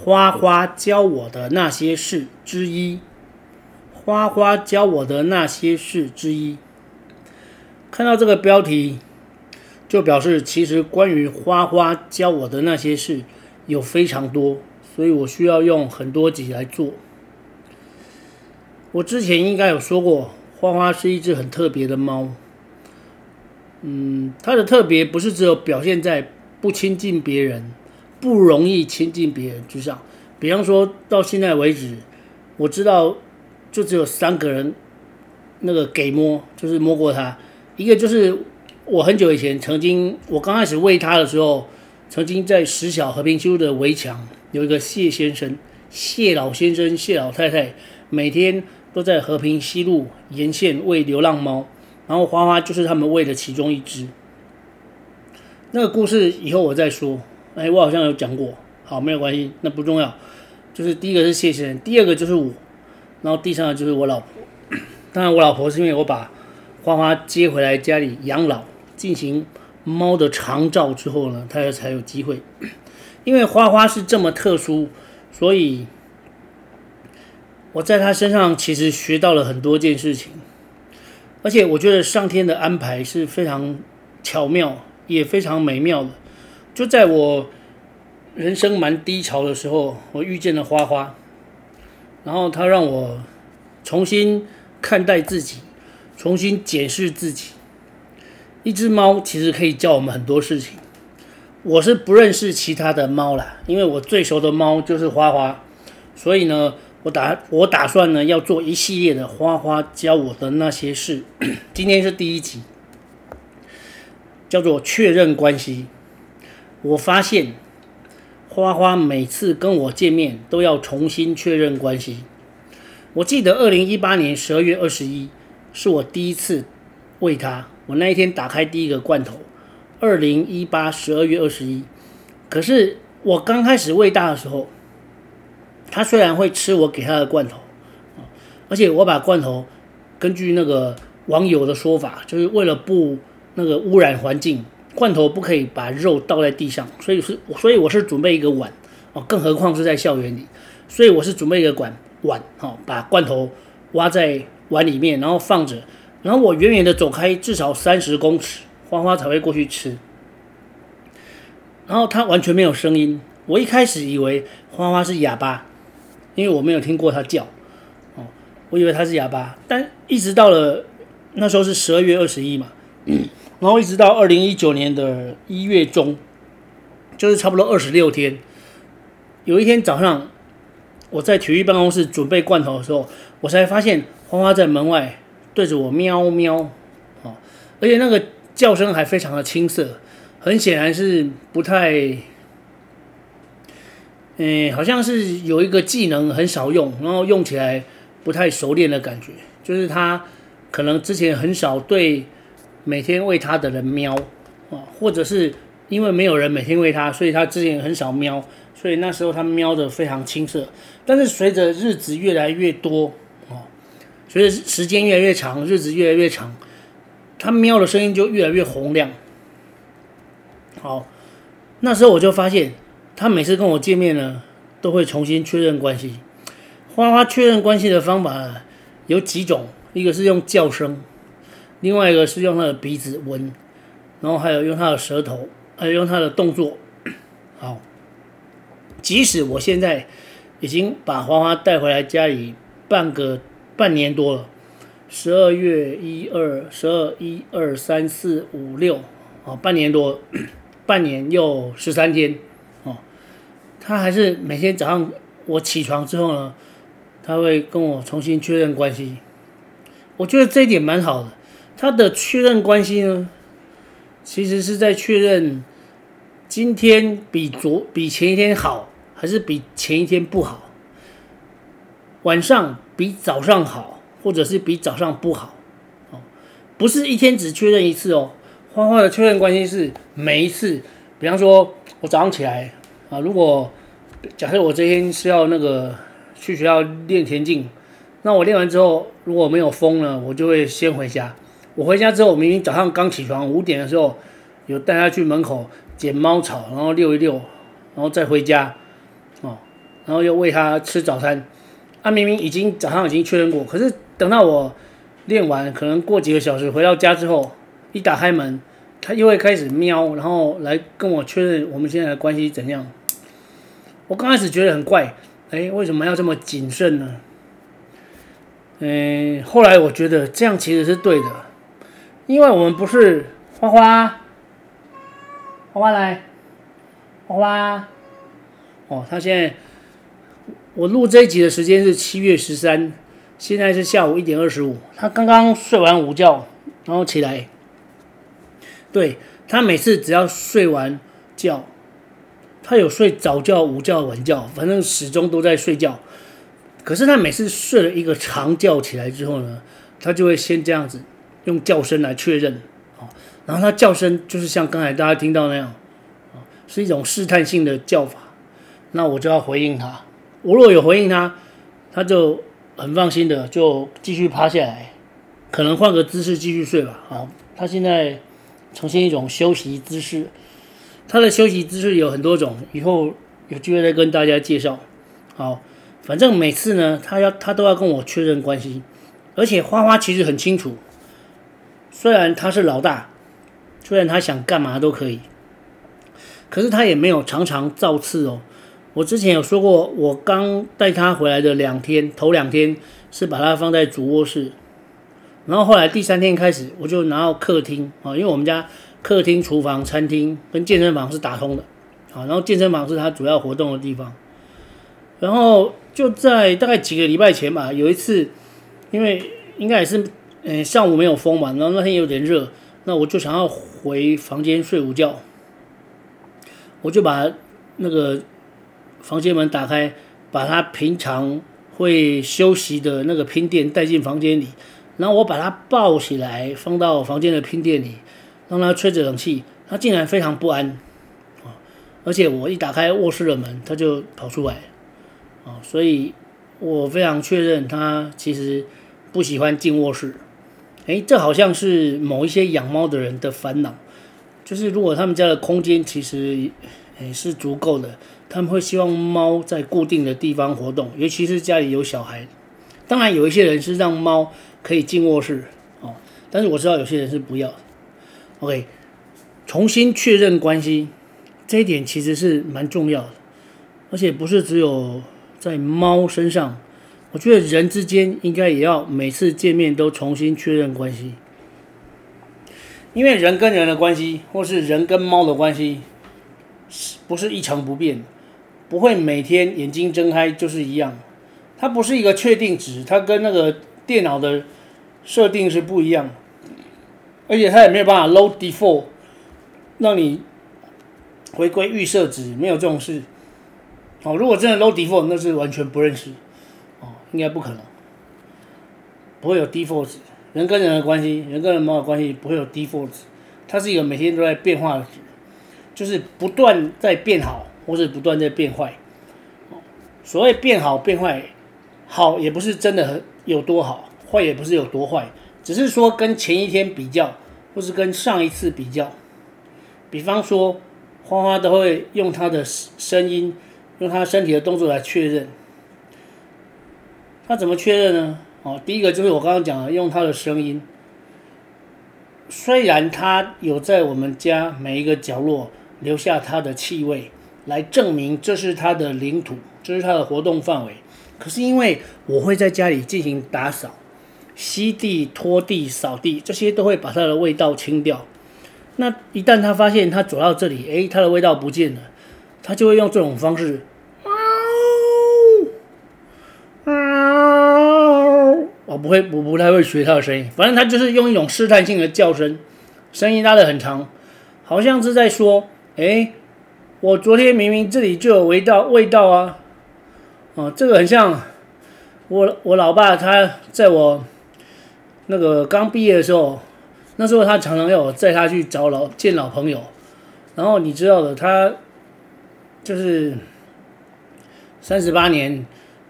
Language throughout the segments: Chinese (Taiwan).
花花教我的那些事之一，花花教我的那些事之一。看到這個標題，就表示其實關於花花教我的那些事有非常多，所以我需要用很多集來做。我之前應該有說過，花花是一隻很特別的貓。嗯，它的特別不是只有表現在不親近別人。不容易親近別人，就像比方說到現在為止，我知道就只有三個人，那個給摸就是摸過他，一個就是我很久以前曾經我剛開始餵它的時候，曾經在石小和平西路的圍牆有一個謝先生、謝老先生、謝老太太，每天都在和平西路沿線餵流浪貓，然後花花就是他們餵的其中一只。那個故事以後我再說。哎，我好像有講過，好，沒有關係，那不重要。就是第一個是謝先生，第二個就是我，然後第三個就是我老婆。當然，我老婆是因為我把花花接回來家裡養老，進行貓的長照之後呢，她才有機會。因為花花是這麼特殊，所以我在他身上其實學到了很多件事情，而且我覺得上天的安排是非常巧妙，也非常美妙的。就在我人生蠻低潮的時候，我遇見了花花，然後他讓我重新看待自己，重新檢視自己。一隻貓其實可以教我們很多事情。我是不認識其他的貓啦，因為我最熟的貓就是花花，所以呢，我打我打算呢要做一系列的花花教我的那些事。今天是第一集，叫做確認關係。我發現花花每次跟我見面都要重新確認關係。我記得二零一八年十二月二十一是我第一次餵它，我那一天打開第一個罐頭，二零一八十二月二十一。可是我剛開始餵大的時候，它雖然會吃我給它的罐頭，而且我把罐頭根據那個網友的說法，就是為了不那個污染環境。罐頭不可以把肉倒在地上，所以是所以我是準備一個碗哦，更何況是在校園裡，所以我是準備一個碗碗哦，把罐頭挖在碗裡面，然後放着，然後我遠遠的走開至少三十公尺，花花才會過去吃。然後它完全沒有聲音，我一開始以為花花是啞巴，因為我沒有聽過它叫哦，我以為它是啞巴，但一直到了那時候是十二月二十一嘛。嗯然後一直到二零一九年的一月中，就是差不多二十六天，有一天早上，我在體育辦公室準備罐頭的時候，我才發現花花在門外對着我喵喵，哦，而且那個叫聲還非常的青澀，很顯然是不太，嗯、呃、好像是有一個技能很少用，然後用起來不太熟練的感覺，就是它可能之前很少對。每天餵他的人喵啊，或者是因為沒有人每天餵他，所以他之前很少喵，所以那時候他喵的非常青澀。但是隨着日子越來越多哦，隨着時間越來越長，日子越來越長，他喵的聲音就越來越洪亮。好，那時候我就發現，他每次跟我見面呢，都會重新確認關係。花花確認關係的方法有幾種，一個是用叫聲。另外一個是用他的鼻子聞，然後還有用他的舌頭，還有用他的動作。好，即使我現在已經把花花帶回來家裡半個半年多了，十二月一二十二一二三四五六，好，半年多，半年又十三天哦，他還是每天早上我起床之後呢，他會跟我重新確認關係。我覺得這一點蠻好的。他的確認關係呢，其實是在確認今天比昨比前一天好，還是比前一天不好。晚上比早上好，或者是比早上不好。哦，不是一天只確認一次哦。花花的確認關係是每一次，比方說我早上起來啊，如果假設我這天是要那個去學校練田徑，那我練完之後如果沒有風呢，我就會先回家。我回家之後，我明明早上剛起床，五點的時候有帶他去門口撿貓草，然後遛一遛，然後再回家，哦，然後又餵他吃早餐。他、啊、明明已經早上已經確認過，可是等到我練完，可能過幾個小時回到家之後，一打開門，他又會開始喵，然後來跟我確認我們現在的關係怎樣。我剛開始覺得很怪，哎，為什麼要這麼謹慎呢？嗯，後來我覺得這樣其實是對的。因為我們不是花花，花花來，花花，哦，他現在，我錄這一集的時間是七月十三，現在是下午一點二十五，他剛剛睡完午覺，然後起來，對，他每次只要睡完覺，他有睡早覺、午覺、晚覺，反正始終都在睡覺，可是他每次睡了一個長覺起來之後呢，他就會先這樣子。用叫聲來確認，然後它叫聲就是像剛才大家聽到那樣，是一種試探性的叫法。那我就要回應它。我若有回應它，它就很放心的就繼續趴下來，可能換個姿勢繼續睡吧。好，它現在呈現一種休息姿勢。它的休息姿勢有很多種，以後有機會再跟大家介紹。好，反正每次呢，它要它都要跟我確認關係，而且花花其實很清楚。雖然他是老大，雖然他想幹嘛都可以，可是他也沒有常常造次哦。我之前有說過，我剛帶他回來的兩天，頭兩天是把他放在主臥室，然後後來第三天開始，我就拿到客廳啊，因為我們家客廳、廚房、餐廳跟健身房是打通的，好，然後健身房是他主要活動的地方。然後就在大概幾個禮拜前吧，有一次，因為應該也是。嗯，上午沒有風嘛，然後那天有點熱，那我就想要回房間睡午覺。我就把那個房間門打開，把他平常會休息的那個拼墊帶進房間裡，然後我把他抱起來放到房間的拼墊裡，讓他吹着冷氣，他竟然非常不安啊！而且我一打開臥室的門，他就跑出來啊！所以我非常確認，他其實不喜歡進臥室。哎，這好像是某一些養貓的人的煩惱，就是如果他們家的空間其實也是足夠的，他們會希望貓在固定的地方活動，尤其是家裡有小孩。當然，有一些人是讓貓可以進臥室哦，但是我知道有些人是不要的。OK，重新確認關係，這一點其實是蠻重要的，而且不是只有在貓身上。我覺得人之間應該也要每次見面都重新確認關係，因為人跟人的關係，或是人跟貓的關係，不是一成不變，不會每天眼睛睜開就是一樣。它不是一個確定值，它跟那個電腦的設定是不一樣，而且它也沒有辦法 load default 讓你回歸預設值，沒有這種事。好、哦，如果真的 load default，那是完全不認識。應該不可能，不會有 defaults。人跟人的關係，人跟人沒有關係，不會有 defaults。它是一個每天都在變化的，就是不斷在變好，或是不斷在變壞。所謂變好變壞，好也不是真的有多好，壞也不是有多壞，只是說跟前一天比較，或是跟上一次比較。比方說，花花都會用他的聲音，用他身體的動作來確認。那怎麼確認呢？哦，第一個就是我剛剛講的，用它的聲音。雖然它有在我們家每一個角落留下它的氣味，來證明這是它的領土，這是它的活動範圍。可是因為我會在家裡進行打掃，吸地、拖地、掃地，這些都會把它的味道清掉。那一旦他發現他走到這裡，誒，它的味道不見了，他就會用這種方式。不會，我不太會學他的聲音。反正他就是用一種試探性的叫聲，聲音拉得很長，好像是在說：“誒、欸，我昨天明明這裡就有味道，味道啊！”哦、啊，這個很像我我老爸，他在我那個剛畢業的時候，那時候他常常要我帶他去找老，見老朋友。然後你知道的，他就是三十八年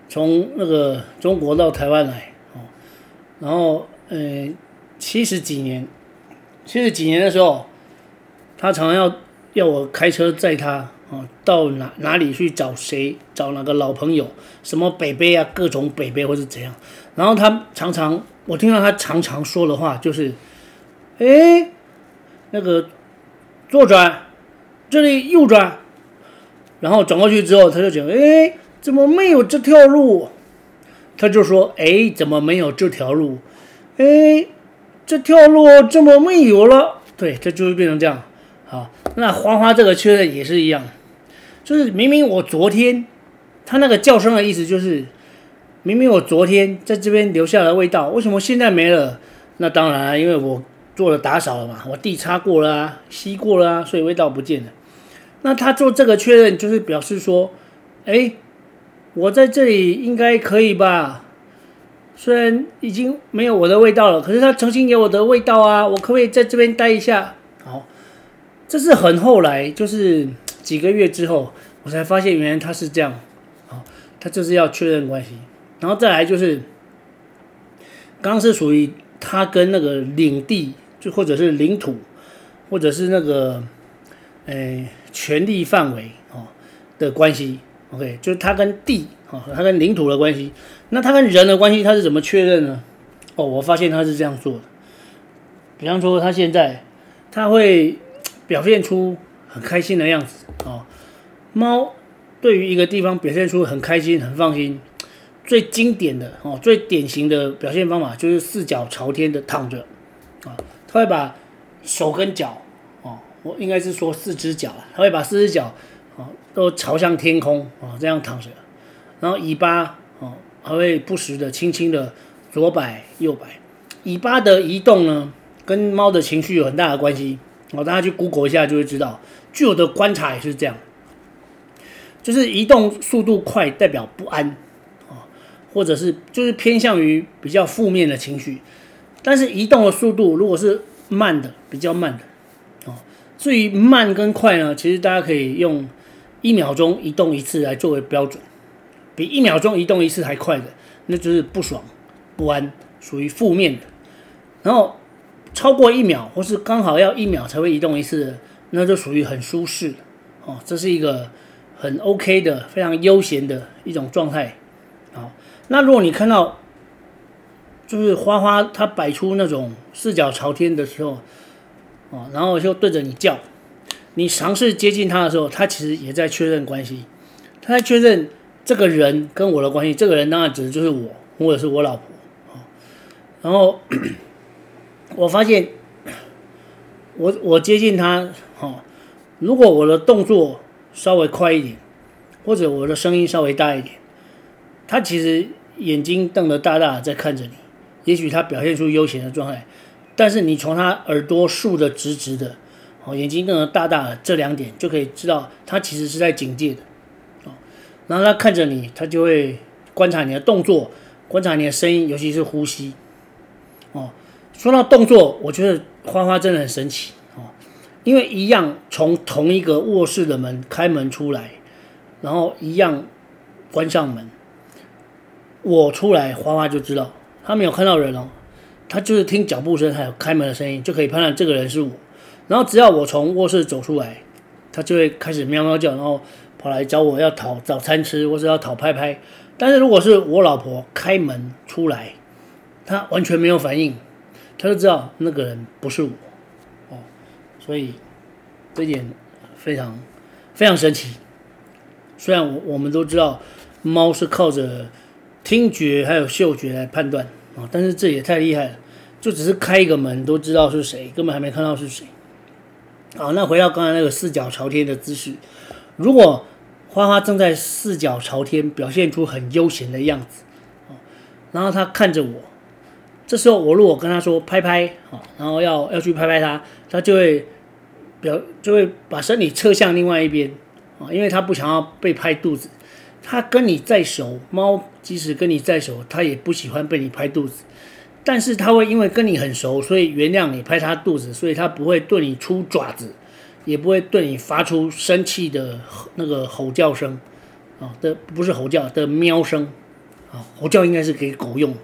從那個中國到台灣來。然後，呃，七十幾年，七十幾年的時候，他常常要要我開車載他啊、呃，到哪哪裡去找誰，找哪個老朋友，什麼北北啊，各種北北或者是怎樣。然後他常常，我聽到他常常說的話就是，哎，那個左轉，這裡右轉，然後轉過去之後，他就講，哎，怎麼沒有這條路？他就說：“哎，怎麼沒有這條路？哎，這條路怎麼沒有了？”對，這就是變成這樣。好，那花花這個確認也是一樣，就是明明我昨天，他那個叫聲的意思就是，明明我昨天在這邊留下了味道，為什麼現在沒了？那當然，因為我做了打掃了嘛，我地擦過了啊，吸過了啊，所以味道不見了。那他做這個確認，就是表示說：“哎。”我在這裡應該可以吧？雖然已經沒有我的味道了，可是他重新給我的味道啊！我可不可以在這邊待一下？好，這是很後來，就是幾個月之後，我才發現原來他是這樣。好，他就是要確認關係，然後再來就是，剛是屬於他跟那個領地，就或者是領土，或者是那個，呃、欸，權力範圍哦的關係。OK，就是它跟地哦，它跟領土的關係。那它跟人的關係，它是怎麼確認呢？哦，我發現它是這樣做的。比方說，它現在它會表現出很開心的樣子哦。貓對於一個地方表現出很開心、很放心，最經典的哦，最典型的表現方法就是四腳朝天的躺着啊。它會把手跟腳哦，我應該是說四隻腳，它會把四隻腳。都朝向天空啊、哦，這樣躺着，然後尾巴哦，還會不時的輕輕的左擺右擺。尾巴的移動呢，跟貓的情緒有很大的關係哦。大家去 Google 一下就會知道，據我的觀察也是這樣，就是移動速度快代表不安、哦、或者是就是偏向於比較負面的情緒。但是移動的速度如果是慢的，比較慢的哦，所以慢跟快呢，其實大家可以用。一秒鐘移動一次來作為標準，比一秒鐘移動一次還快的，那就是不爽、不安，屬於負面的。然後超過一秒，或是剛好要一秒才會移動一次，那就屬於很舒適哦。這是一個很 OK 的、非常悠閒的一種狀態。哦，那如果你看到就是花花它擺出那種四腳朝天的時候，哦，然後就對着你叫。你嘗試接近他的時候，他其實也在確認關係，他在確認這個人跟我的關係。這個人當然指的就是我，或者是我老婆。哦、然後咳咳我發現，我我接近他，哦，如果我的動作稍微快一點，或者我的聲音稍微大一點，他其實眼睛瞪得大大的，在看着你。也許他表現出悠閒的狀態，但是你從他耳朵豎得直直的，哦，眼睛瞪得大大的，這兩點就可以知道他其實是在警戒的。哦，然後他看着你，他就會觀察你的動作，觀察你的聲音，尤其是呼吸。哦，說到動作，我覺得花花真的很神奇。哦，因為一樣從同一個臥室的門開門出來，然後一樣關上門，我出來花花就知道，他沒有看到人哦，他就是聽腳步聲還有開門的聲音就可以判斷這個人是我。然後只要我從臥室走出來，它就會開始喵喵叫，然後跑來找我要討早餐吃，或是要討拍拍。但是如果是我老婆開門出來，它完全沒有反應，它就知道那個人不是我哦。所以這一點非常非常神奇。雖然我我們都知道貓是靠着聽覺還有嗅覺來判斷啊，哦，但是這也太厲害了，就只是開一個門都知道是誰，根本還沒看到是誰。好，那回到剛才那個四腳朝天的姿勢，如果花花正在四腳朝天，表現出很悠閒的樣子，然後他看着我，這時候我如果跟他說拍拍，然後要要去拍拍他，他就會表就會把身體側向另外一邊，啊，因為他不想要被拍肚子，他跟你再熟。貓即使跟你再熟，他也不喜歡被你拍肚子。但是它會因為跟你很熟，所以原諒你拍它肚子，所以它不會對你出爪子，也不會對你發出生氣的那個吼叫聲，啊、哦，這不是吼叫的喵聲，吼叫應該是給狗用，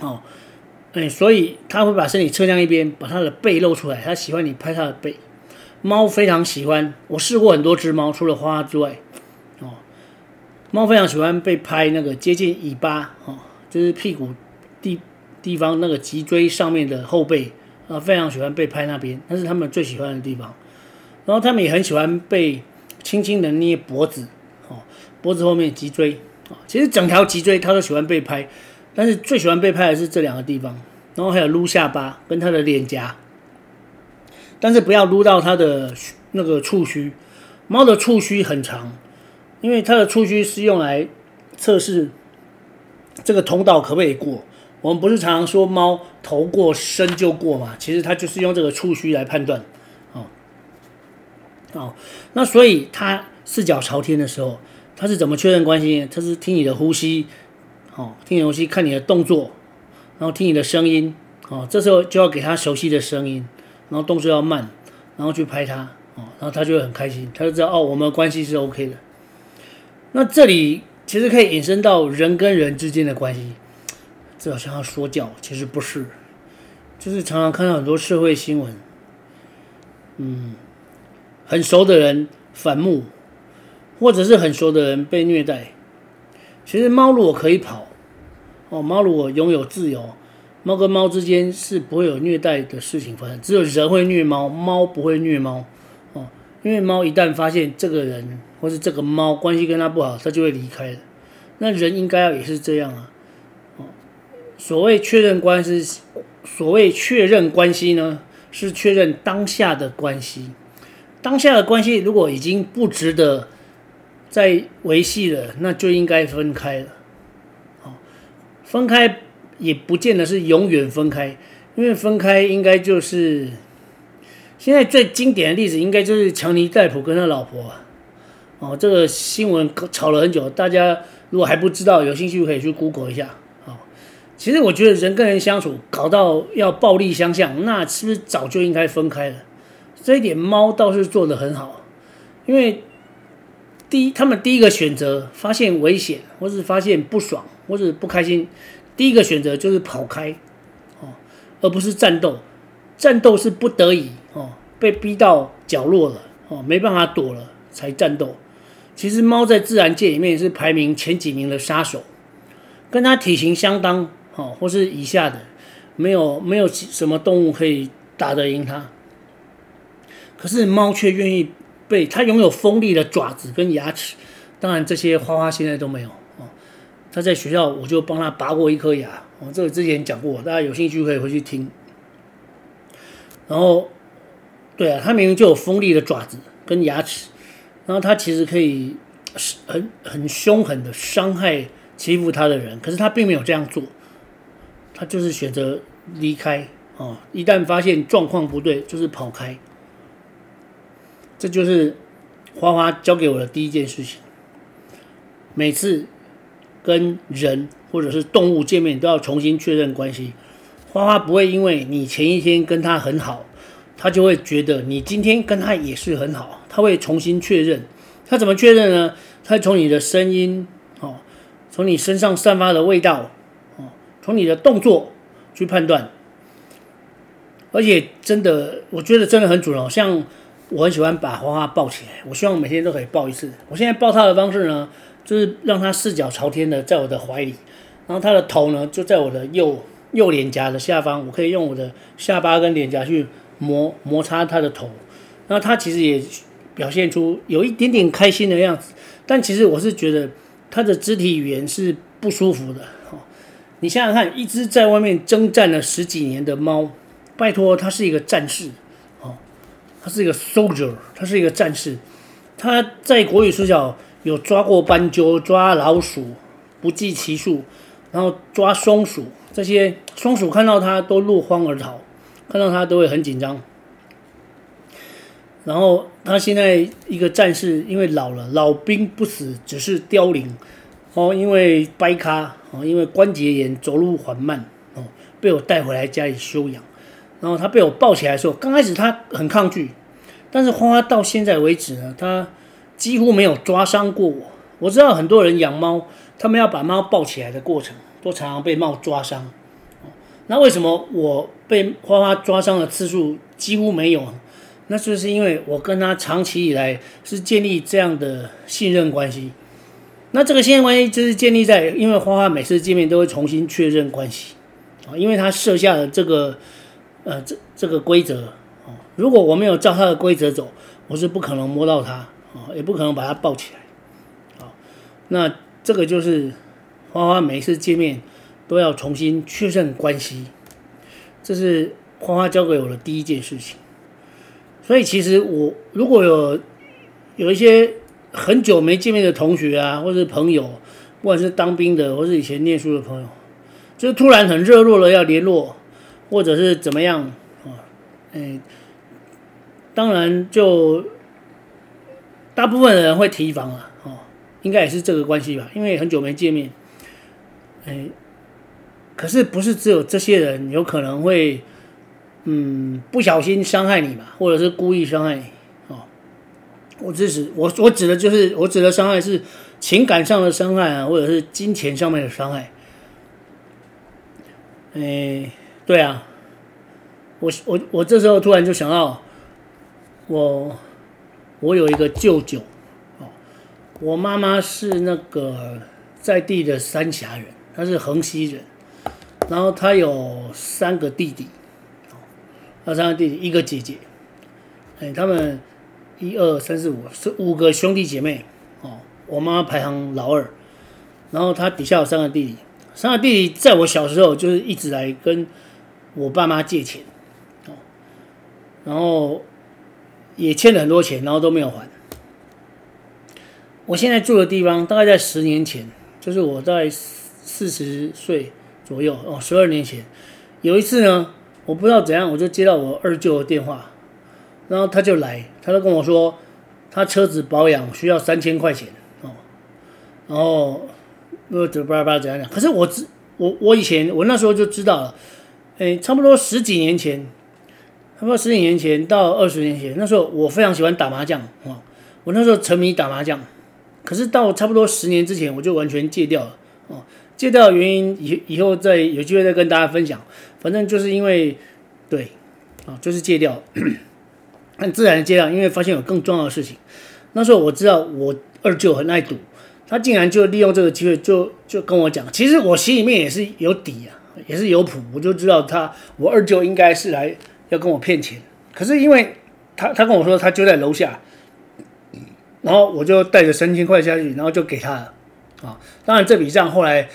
哦，哎，所以它會把身體側向一邊，把它的背露出來，它喜歡你拍它的背。貓非常喜歡，我試過很多隻貓，除了花花之外，哦，貓非常喜歡被拍那個接近尾巴，哦，就是屁股，地地方那個脊椎上面的後背啊、呃，非常喜歡被拍那邊，那是他們最喜歡的地方。然後他們也很喜歡被輕輕的捏脖子，哦，脖子後面脊椎啊、哦，其實整條脊椎他都喜歡被拍，但是最喜歡被拍的是這兩個地方。然後還有擼下巴跟他的臉頰，但是不要擼到他的那個觸鬚。貓的觸鬚很長，因為它的觸鬚是用來測試這個通道可不可以過。我們不是常常說貓頭過身就過嘛？其實它就是用這個觸鬚來判斷，哦，哦，那所以它四腳朝天的時候，它是怎麼確認關係呢？它是聽你的呼吸，哦，聽你的呼吸，看你的動作，然後聽你的聲音，哦，這時候就要給它熟悉的聲音，然後動作要慢，然後去拍它，哦，然後它就會很開心，它就知道哦，我們的關係是 OK 的。那這裡其實可以引申到人跟人之間的關係。這好像要說教，其實不是，就是常常看到很多社會新聞，嗯，很熟的人反目，或者是很熟的人被虐待。其實貓如果可以跑，哦，貓如果擁有自由，貓跟貓之間是不會有虐待的事情發生，只有人會虐貓，貓不會虐貓，哦，因為貓一旦發現這個人或是這個貓關係跟他不好，它就會離開了。那人應該要也是這樣啊。所謂確認關係，所謂確認關係呢，是確認當下的關係。當下的關係如果已經不值得再維繫了，那就應該分開了。哦，分開也不見得是永遠分開，因為分開應該就是現在最經典的例子，應該就是強尼戴普跟他老婆。哦，這個新聞吵了很久，大家如果還不知道，有興趣可以去 Google 一下。其實我覺得人跟人相處搞到要暴力相向，那是不是早就應該分開了？這一點貓倒是做得很好，因為第一，他們第一個選擇發現危險，或是發現不爽，或是不開心，第一個選擇就是跑開，哦，而不是戰鬥。戰鬥是不得已，哦，被逼到角落了，哦，沒辦法躲了才戰鬥。其實貓在自然界裡面是排名前幾名的殺手，跟它體型相當。哦，或是以下的，沒有沒有什麼動物可以打得贏它。可是貓卻願意被它擁有鋒利的爪子跟牙齒，當然這些花花現在都沒有哦。他在學校我就幫他拔過一顆牙，我、哦、這個之前講過，大家有興趣可以回去聽。然後，對啊，它明明就有鋒利的爪子跟牙齒，然後它其實可以很很凶狠的傷害欺負它的人，可是它並沒有這樣做。他就是選擇離開哦，一旦發現狀況不對，就是跑開。這就是花花教給我的第一件事情。每次跟人或者是動物見面，都要重新確認關係。花花不會因為你前一天跟他很好，他就會覺得你今天跟他也是很好，他會重新確認。他怎麼確認呢？他從你的聲音哦，從你身上散發的味道。從你的動作去判斷，而且真的，我覺得真的很主要哦。像我很喜歡把花花抱起來，我希望每天都可以抱一次。我現在抱他的方式呢，就是讓他四腳朝天的在我的懷裡，然後他的頭呢，就在我的右右臉頰的下方，我可以用我的下巴跟臉頰去磨摩擦他的頭。那他其實也表現出有一點點開心的樣子，但其實我是覺得他的肢體語言是不舒服的。你想想看，一隻在外面征戰了十幾年的貓，拜托，它是一個戰士，哦，它是一個 soldier，它是一個戰士。它在國語實小有抓過斑鳩、抓老鼠，不計其數，然後抓松鼠，這些松鼠看到它都落荒而逃，看到它都會很緊張。然後它現在一個戰士，因為老了，老兵不死，只是凋零，哦，因為掰咖。因為關節炎走路緩慢哦，被我帶回來家裡休養。然後他被我抱起來的時候，剛開始他很抗拒，但是花花到現在為止呢，他幾乎沒有抓傷過我。我知道很多人養貓，他們要把貓抱起來的過程都常常被貓抓傷。那為什麼我被花花抓傷的次數幾乎沒有？那就是因為我跟他長期以來是建立這樣的信任關係。那這個信任關係就是建立在，因為花花每次見面都會重新確認關係，啊，因為他設下了這個，呃，這這個規則，啊、哦，如果我沒有照他的規則走，我是不可能摸到他，啊、哦，也不可能把他抱起來，啊、哦，那這個就是花花每次見面都要重新確認關係，這是花花教給我的第一件事情，所以其實我如果有有一些。很久沒見面的同學啊，或者是朋友，不管是當兵的，或是以前念書的朋友，就突然很熱絡了，要聯絡，或者是怎麼樣啊？哎、哦欸，當然就大部分的人會提防啊，哦，應該也是這個關係吧，因為很久沒見面。哎、欸，可是不是只有這些人有可能會，嗯，不小心傷害你吧，或者是故意傷害你？我指指我我指的就是我指的傷害是情感上的傷害啊，或者是金錢上面的傷害。哎、欸，對啊，我我我這時候突然就想到，我我有一個舅舅，哦，我媽媽是那個在地的三峽人，她是橫溪人，然後她有三個弟弟，哦，他三個弟弟一個姐姐，哎、欸，他們。一二三四五是五個兄弟姐妹哦，我媽排行老二，然後她底下有三個弟弟，三個弟弟在我小時候就是一直來跟我爸媽借錢哦，然後也欠了很多錢，然後都沒有還。我現在住的地方大概在十年前，就是我在四十歲左右哦，十二年前有一次呢，我不知道怎樣，我就接到我二舅的電話。然後他就來，他就跟我說，他車子保養需要三千塊錢哦。然後，呃，這巴拉巴拉怎樣講？可是我知，我我以前我那時候就知道了，哎，差不多十幾年前，差不多十幾年前到二十年前，那時候我非常喜歡打麻將哦。我那時候沉迷打麻將，可是到差不多十年之前，我就完全戒掉了哦。戒掉的原因以以後再有機會再跟大家分享，反正就是因為對啊、哦，就是戒掉了。 很自然的接了，因為發現有更重要的事情。那時候我知道我二舅很愛賭，他竟然就利用這個機會就，就就跟我講。其實我心裡面也是有底啊，也是有譜，我就知道他我二舅應該是來要跟我騙錢。可是因為他他跟我說他就在樓下，嗯，然後我就帶着三千塊下去，然後就給他了。啊、哦，當然這筆賬後來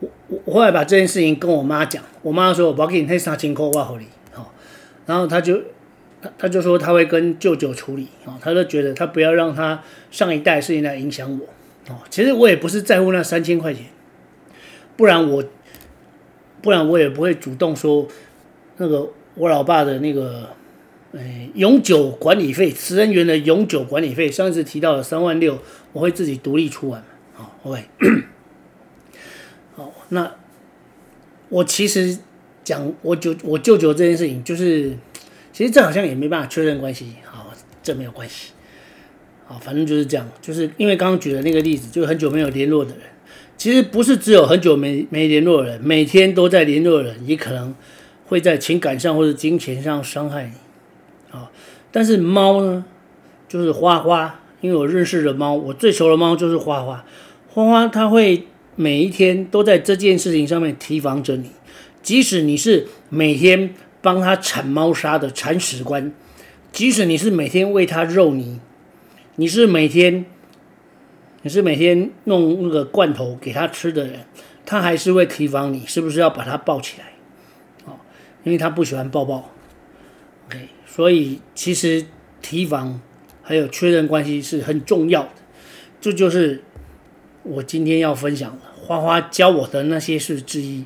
我我後來把這件事情跟我媽講，我媽說我要給你那三千塊挖回來。好、哦，然後他就。他他就說他會跟舅舅處理啊、哦，他就覺得他不要讓他上一代的事情來影響我哦。其實我也不是在乎那三千塊錢，不然我不然我也不會主動說那個我老爸的那個、呃、永久管理費，慈恩園的永久管理費，上一次提到了三萬六，我會自己獨立出完，好、哦、OK。 好，那我其實講我舅我舅舅這件事情就是。其實這好像也沒辦法確認關係，好，這沒有關係，好，反正就是這樣，就是因為剛剛舉的那個例子，就是很久沒有聯絡的人，其實不是只有很久沒沒聯絡的人，每天都在聯絡的人也可能會在情感上或者金錢上傷害你，好，但是貓呢，就是花花，因為我認識的貓，我最熟的貓就是花花，花花它會每一天都在這件事情上面提防着你，即使你是每天。幫他鏟貓砂的鏟屎官，即使你是每天餵它肉泥，你是每天，你是每天弄那個罐頭給它吃的人，它還是會提防你是不是要把它抱起來，哦，因為它不喜歡抱抱。OK，所以其實提防還有確認關係是很重要的，這就是我今天要分享的花花教我的那些事之一。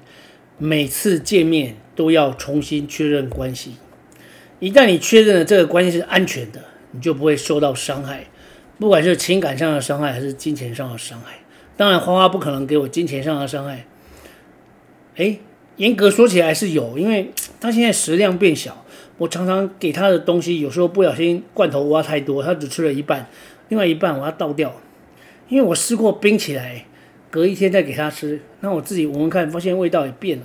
每次見面都要重新確認關係。一旦你確認了這個關係是安全的，你就不會受到傷害，不管是情感上的傷害還是金錢上的傷害。當然，花花不可能給我金錢上的傷害。哎，嚴格說起來是有，因為他現在食量變小，我常常給他的東西，有時候不小心罐頭挖太多，他只吃了一半，另外一半我要倒掉，因為我試過冰起來。隔一天再給他吃，那我自己聞聞看，發現味道也變了，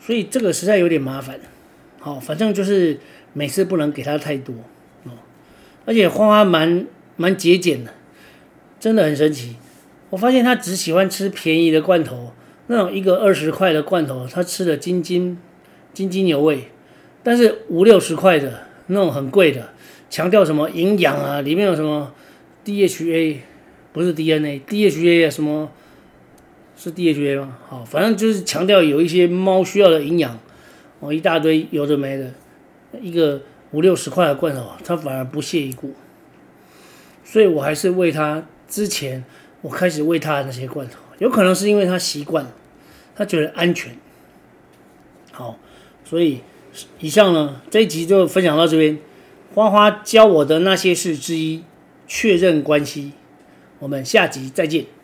所以這個實在有點麻煩。好，哦，反正就是每次不能給他太多哦。而且花花蠻蠻節儉的，真的很神奇。我發現他只喜歡吃便宜的罐頭，那種一個二十塊的罐頭，他吃的津津津津有味。但是五六十塊的那種很貴的，強調什麼營養啊，裡面有什麼 DHA。不是 DNA，DHA 什麼？是 DHA 嗎？好，反正就是強調有一些貓需要的營養，哦，一大堆有的沒的，一個五六十塊的罐頭，他反而不屑一顧。所以我還是餵他，之前，我開始餵他的那些罐頭，有可能是因為他習慣了，他覺得安全。好，所以以上呢，這一集就分享到這邊。花花教我的那些事之一，確認關係。我們下集再見。